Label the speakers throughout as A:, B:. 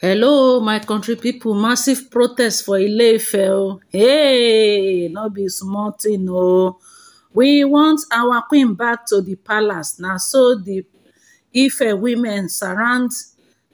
A: hello my country people! massive protest for ileife hey no be small you know. we want our queen back to the palace now. so the ife women surround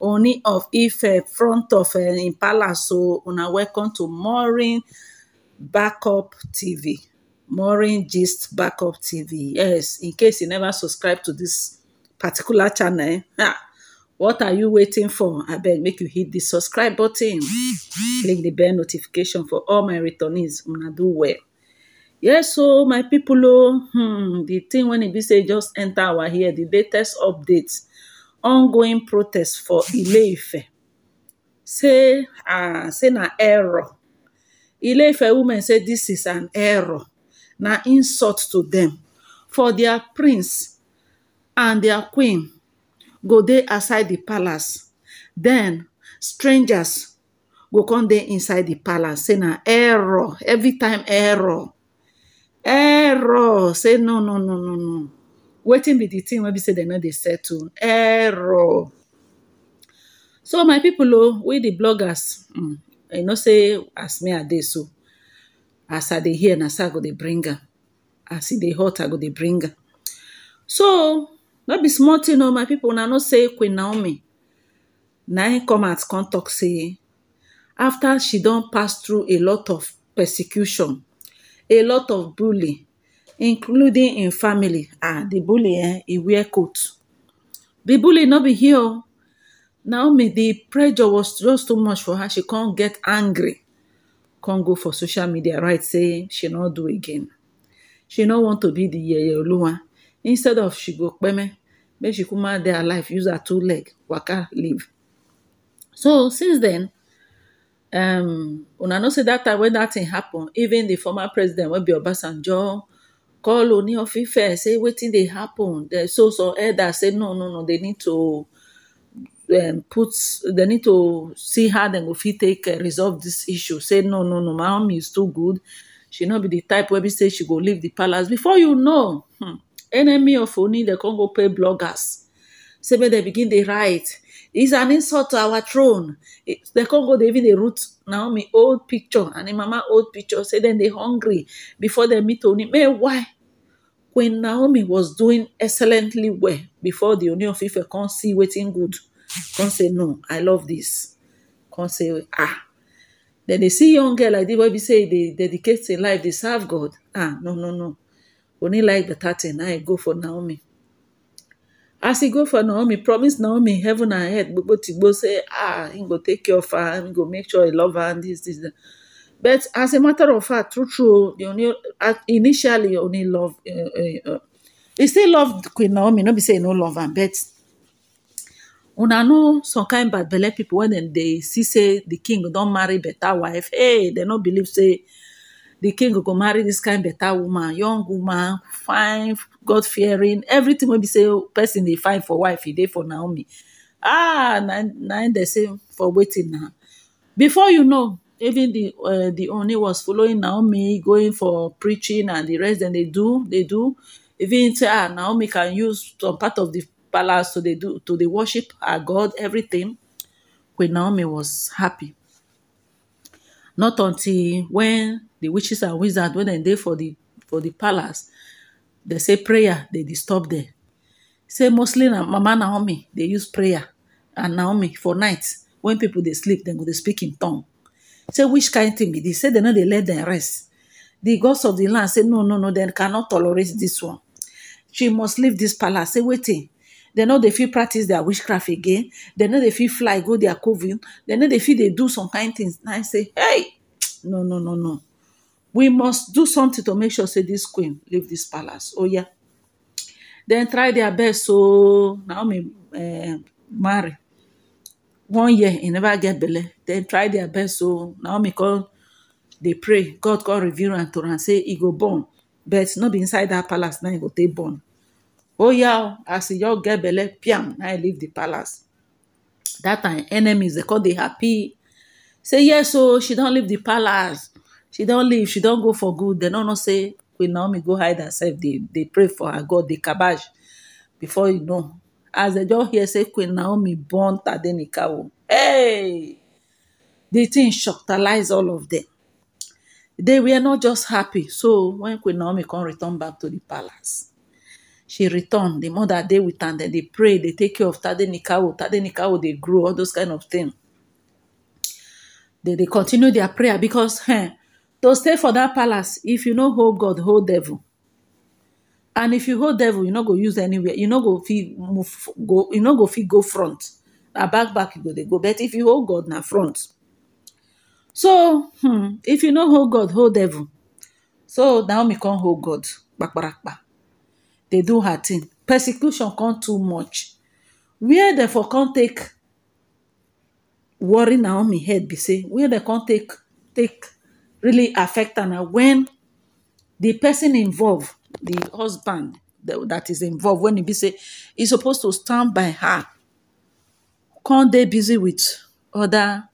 A: only of ife front of eh, im palace So, una welcome to Maureen backup tv Maureen gist backup tv yes in case you never subscribe to this. particular channel ah what are you waiting for abeg make you hit the subscribe button click the bell notification for all my returnees una do well yes so my people oh hmm, the thing when e be say just enter our here the latest update ongoing protest for ile say ah, say na error Ile-Ife women say this is an error na insult to them for their prince and their queen go dey outside the palace Then strangers go come dey inside the palace say na error every time error error say no no no no no wetin be the thing wey be say dem no dey settle error so my people, o oh, we the bloggers mm, you know say as me i dey so as i dey hear na so i go dey bring am as e dey hot i go dey bring am so no be small thing oh my people. una know say queen naomi na im come out come tok say after she don pass through a lot of persecution a lot of bullying including im family ah the bully eh e wear coat The bully no be here o oh. naomi the pressure was just too much for her she con get angry con go for social media write say she no do again she no want to be the yeye oluwa instead of she go kpeme make she kuma dey alive use her two leg waka live so since then um una know say dat time when that thing happen even the former president wey be obasanjo call oni of ife say wetin dey happen so so elders say no no no they need to um, put they need to see how dem go fit take uh, resolve this issue say no no no my mom is too good she no be the type wey be say she go leave the palace before you know hmm, enemy of only the Congo pay bloggers. Say, when they begin they write. It's an insult to our throne. the Congo, they even they root Naomi old picture and mama old picture. Say, then they hungry before they meet only. May why? When Naomi was doing excellently well before the Union of Ife can't see waiting good, can't say, no, I love this. Can't say, ah. Then they see young girl like this, where we say they dedicate their life, they serve God. Ah, no, no, no. Only like the 30, now I go for Naomi. As he go for Naomi, promise Naomi heaven and earth. Gbogbo Tigbo say, ah, he go take care of her, he go make sure he love her and this, this, But as a matter of fact, true, true, the only, uh, initially only love, uh, uh, he uh, still love Queen Naomi, no be say no love am, but una know some kind bad belle people when dem dey see say the king don marry better wife, hey, dem no believe say the king go marry this kind better woman young woman fine god fearing everything wey be say person dey find for wife e dey for naomi ah na im dey say for waiting na before you know even the uh, the Oni was following Naomi, going for preaching and the rest. Then they do, they do. Even say, ah, Naomi can use some part of the palace so they do to the worship her God, everything. When Naomi was happy, not until when the witches and wizards wen dem there for the for the palace they say prayer They disturb dem say mostly na mama naomi dey use prayer and naomi for night when people dey sleep dem go dey speak in tongue say which kind thing be dis say dem no dey let dem rest The gods of the land say no no no dem cannot tolerate this one she must leave this palace say wetin dem no dey fit practice their witchcraft again dem no dey fit fly go their coven dem no dey fit dey do some kind things na say hey no no no no we must do something to make sure say this queen leave this palace Oh yeah, dem try their best ooo naomi eh, marry one year he never get belle dem try their best ooo naomi come dey pray god come reveal am to am say he go born but no be inside that palace na He go take born Oh yeah, as e just get belle piam na e leave the palace That time enemies they call dey happy say yes So she don't leave the palace she don't leave she don't go for good dem no know say queen naomi go hide herself They they pray for her god dey cabbage before you know as dem just hear say queen naomi born tadenikawo hey the thing shocktalize all of them. they were not just happy so when queen naomi come return back to the palace she return the mother they with and dem pray They take care of Tade nikau. They grow all those kind of things. Then they continue their prayer because eh, to stay for that palace if you know hold god hold devil and if you hold devil you going go use anywhere you not go fit move go you not go fit go front na back back you go they go but if you hold god now front so hmm, if you know hold god hold devil so naomi come hold god kparakpa they do her thing persecution come too much where they for can't take worry naomi head be say where can't take take really affect And when the person involved the husband that is involved when he be say e supposed to stand by her Can't they busy with other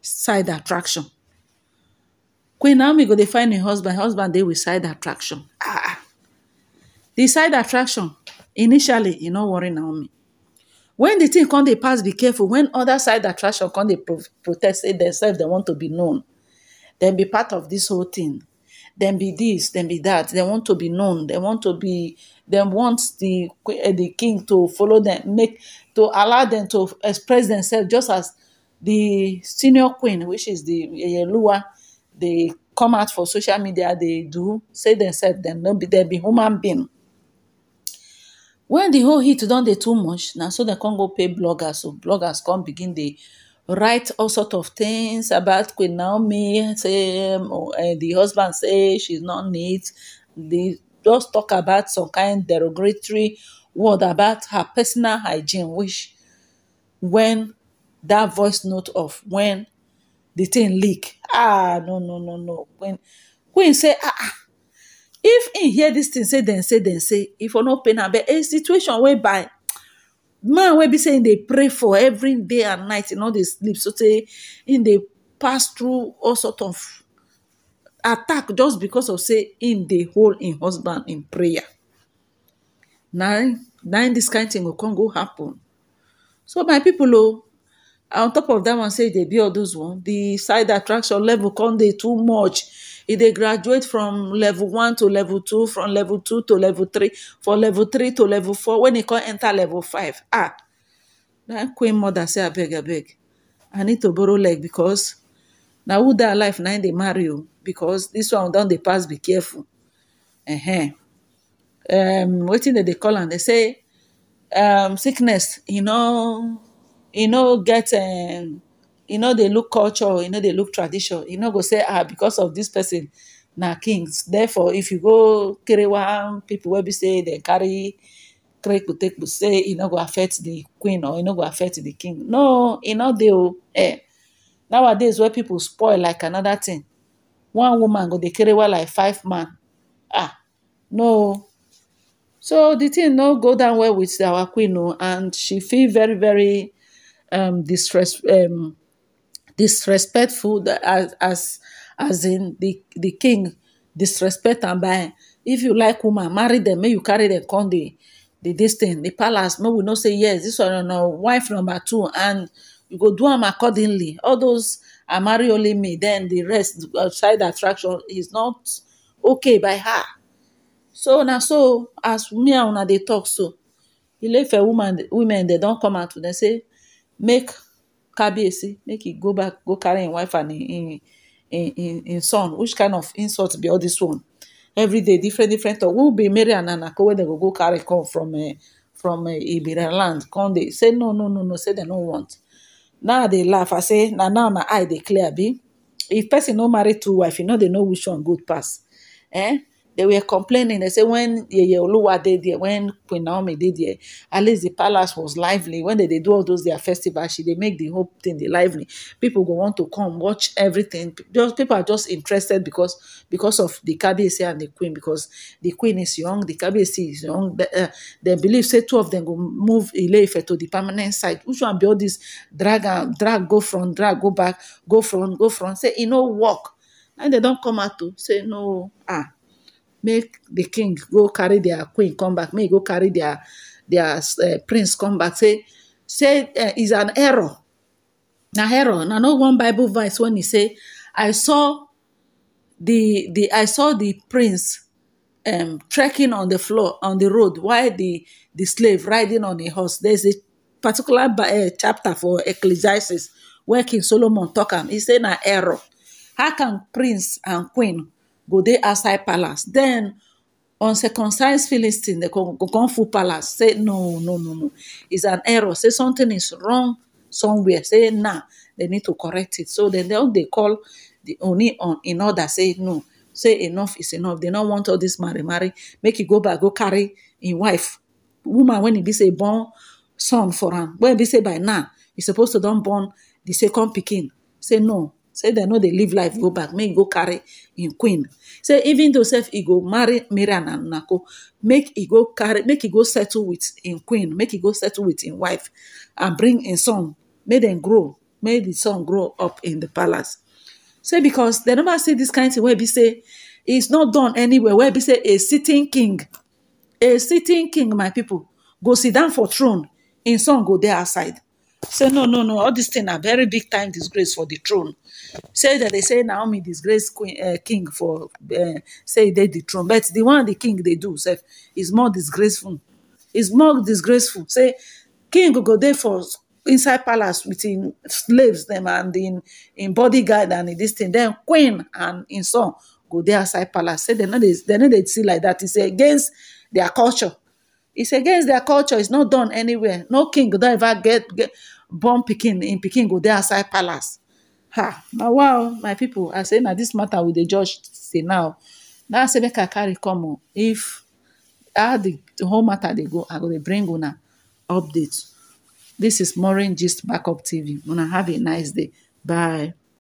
A: side attraction queen naomi go they find a husband husband they with side attraction ah the side attraction initially e no worry naomi When the thing come dey pass be careful When other side attraction come dey protest say themselves they want to be known dem be part of this whole thing. dem be this, dem be that. They want to be known They want to be dem want the eh, the king to follow them, make to allow them to express themselves just as the senior queen which is the Yelua, dey come out for social media dey do say themselves dem no be dem be human being When the whole heat don dey too much na so dem con go pay bloggers so bloggers con begin dey write all sort of things about queen naomi say um, oh, eh, the husband say she's not neat They just talk about some kind derogatory word about her personal hygiene which when that voice note of when the thing leak ah no no no no When queen say ah ah hear this thing say then say then say If for no pain am but a situation whereby by man will be saying they pray for every day and night you know, they sleep so say in they pass through all sort of attack just because of say in the hold in husband in prayer Now, now this kind thing will come go happen so my people oh. on top of that, one say e dey build those one The side attraction level come dey too much e dey graduate from level one to level two from level two to level three from level three to level four when e come enter level five ah that queen mother say abeg abeg i need to borrow leg because na who dat life na im dey marry o because this one don dey pass be careful uh-huh. um wetin dem dey call am dey say um sickness e no e no get um, e no dey look culture e no dey look tradition e no go say ah because of this person na king. therefore if you go carry one people wey be say dem carry tekpu say e no go affect the queen or e no go affect the king no e no dey o eh nowadays wey people spoil like another thing, one woman go dey one like five man ah no so the thing, no go down well with our queen o and she feel very very um, disres- um, disrespectful as as as in the the king disrespect am by if you like woman marry dem make you carry dem come the the this thing the palace make we know say yes this one na wife number two and you go do am accordingly all those i marry only me then the rest outside uh, attraction is not okay by her so na so as me and una dey talk so ilefe woman women dem don come out to dem say make kabiyesi make e go back go carry im wife and im im im son which kind of insult be all this one every day different different talk who be mary and anako wey dem go go carry come from eh, from eh, Ibira land come dey say no no no no say dem no want now i dey laugh i say na now na eye dey clear abi if person no marry two wife e no dey know which one good pass eh They were complaining. They say when Yeye Oluwa did there, when Queen Naomi did there, at least the palace was lively. When they, they do all those their festivals, she they make the whole thing the lively. People go want to come watch everything. Just people are just interested because because of the Kabiyesi and the Queen because the Queen is young, the Kabiyesi is young. They, uh, they believe say two of them go move Ile-Ife to the permanent site. Which one be all this drag and drag go front, drag go back, go front, go front. Say you know walk. and they don't come out to say no ah make the king go carry their queen come back make go carry their their uh, prince come back say say uh, is an error na error na no one bible verse when he say i saw the the i saw the prince um, trekking on the floor on the road while the the slave riding on a horse there's a particular uh, chapter for ecclesiastes where king solomon talk am e say na error how can prince and queen go dey outside palace then uncircumcised philistine dey go go come full palace say no no no no it's an error say something is wrong somewhere say na dem need to correct it so dem don dey call the oni on order say no say enough is enough dem no want all dis marry marry make e go back go carry im wife woman wen e be say born son for am wen e be say by now e suppose to don born di second pikin say no. say they no they live life go back may go carry in queen say even though self, he go marry marian and nako make he go carry make he go settle with in queen make he go settle with in wife and bring in son make them grow make the son grow up in the palace say because they never say this kind of where be say it's not done anywhere Where be say a sitting king a sitting king my people, go sit down for throne In son go their side. say no no no all dis tin na very big time disgrace for di throne say dem dey say naomi disgrace queen eh, king for eh, say e dey di throne but di one di king dey do sef is more disgraceful is more disgraceful say king go dey for inside palace with im slaves dem and im im bodyguards and dis thing then queen and im son go dey outside palace say dem no dey dem no dey see like dat e say against dia culture. it's against their culture it's not done anywhere no king go ever get get born pikin im pikin go dey outside palace. ha na wow my people i say na dis matter we dey judge say now now make i carry commo oh. if how di whole matter dey go i go dey bring una update. dis is maureen gist backup tv una have a nice day bye.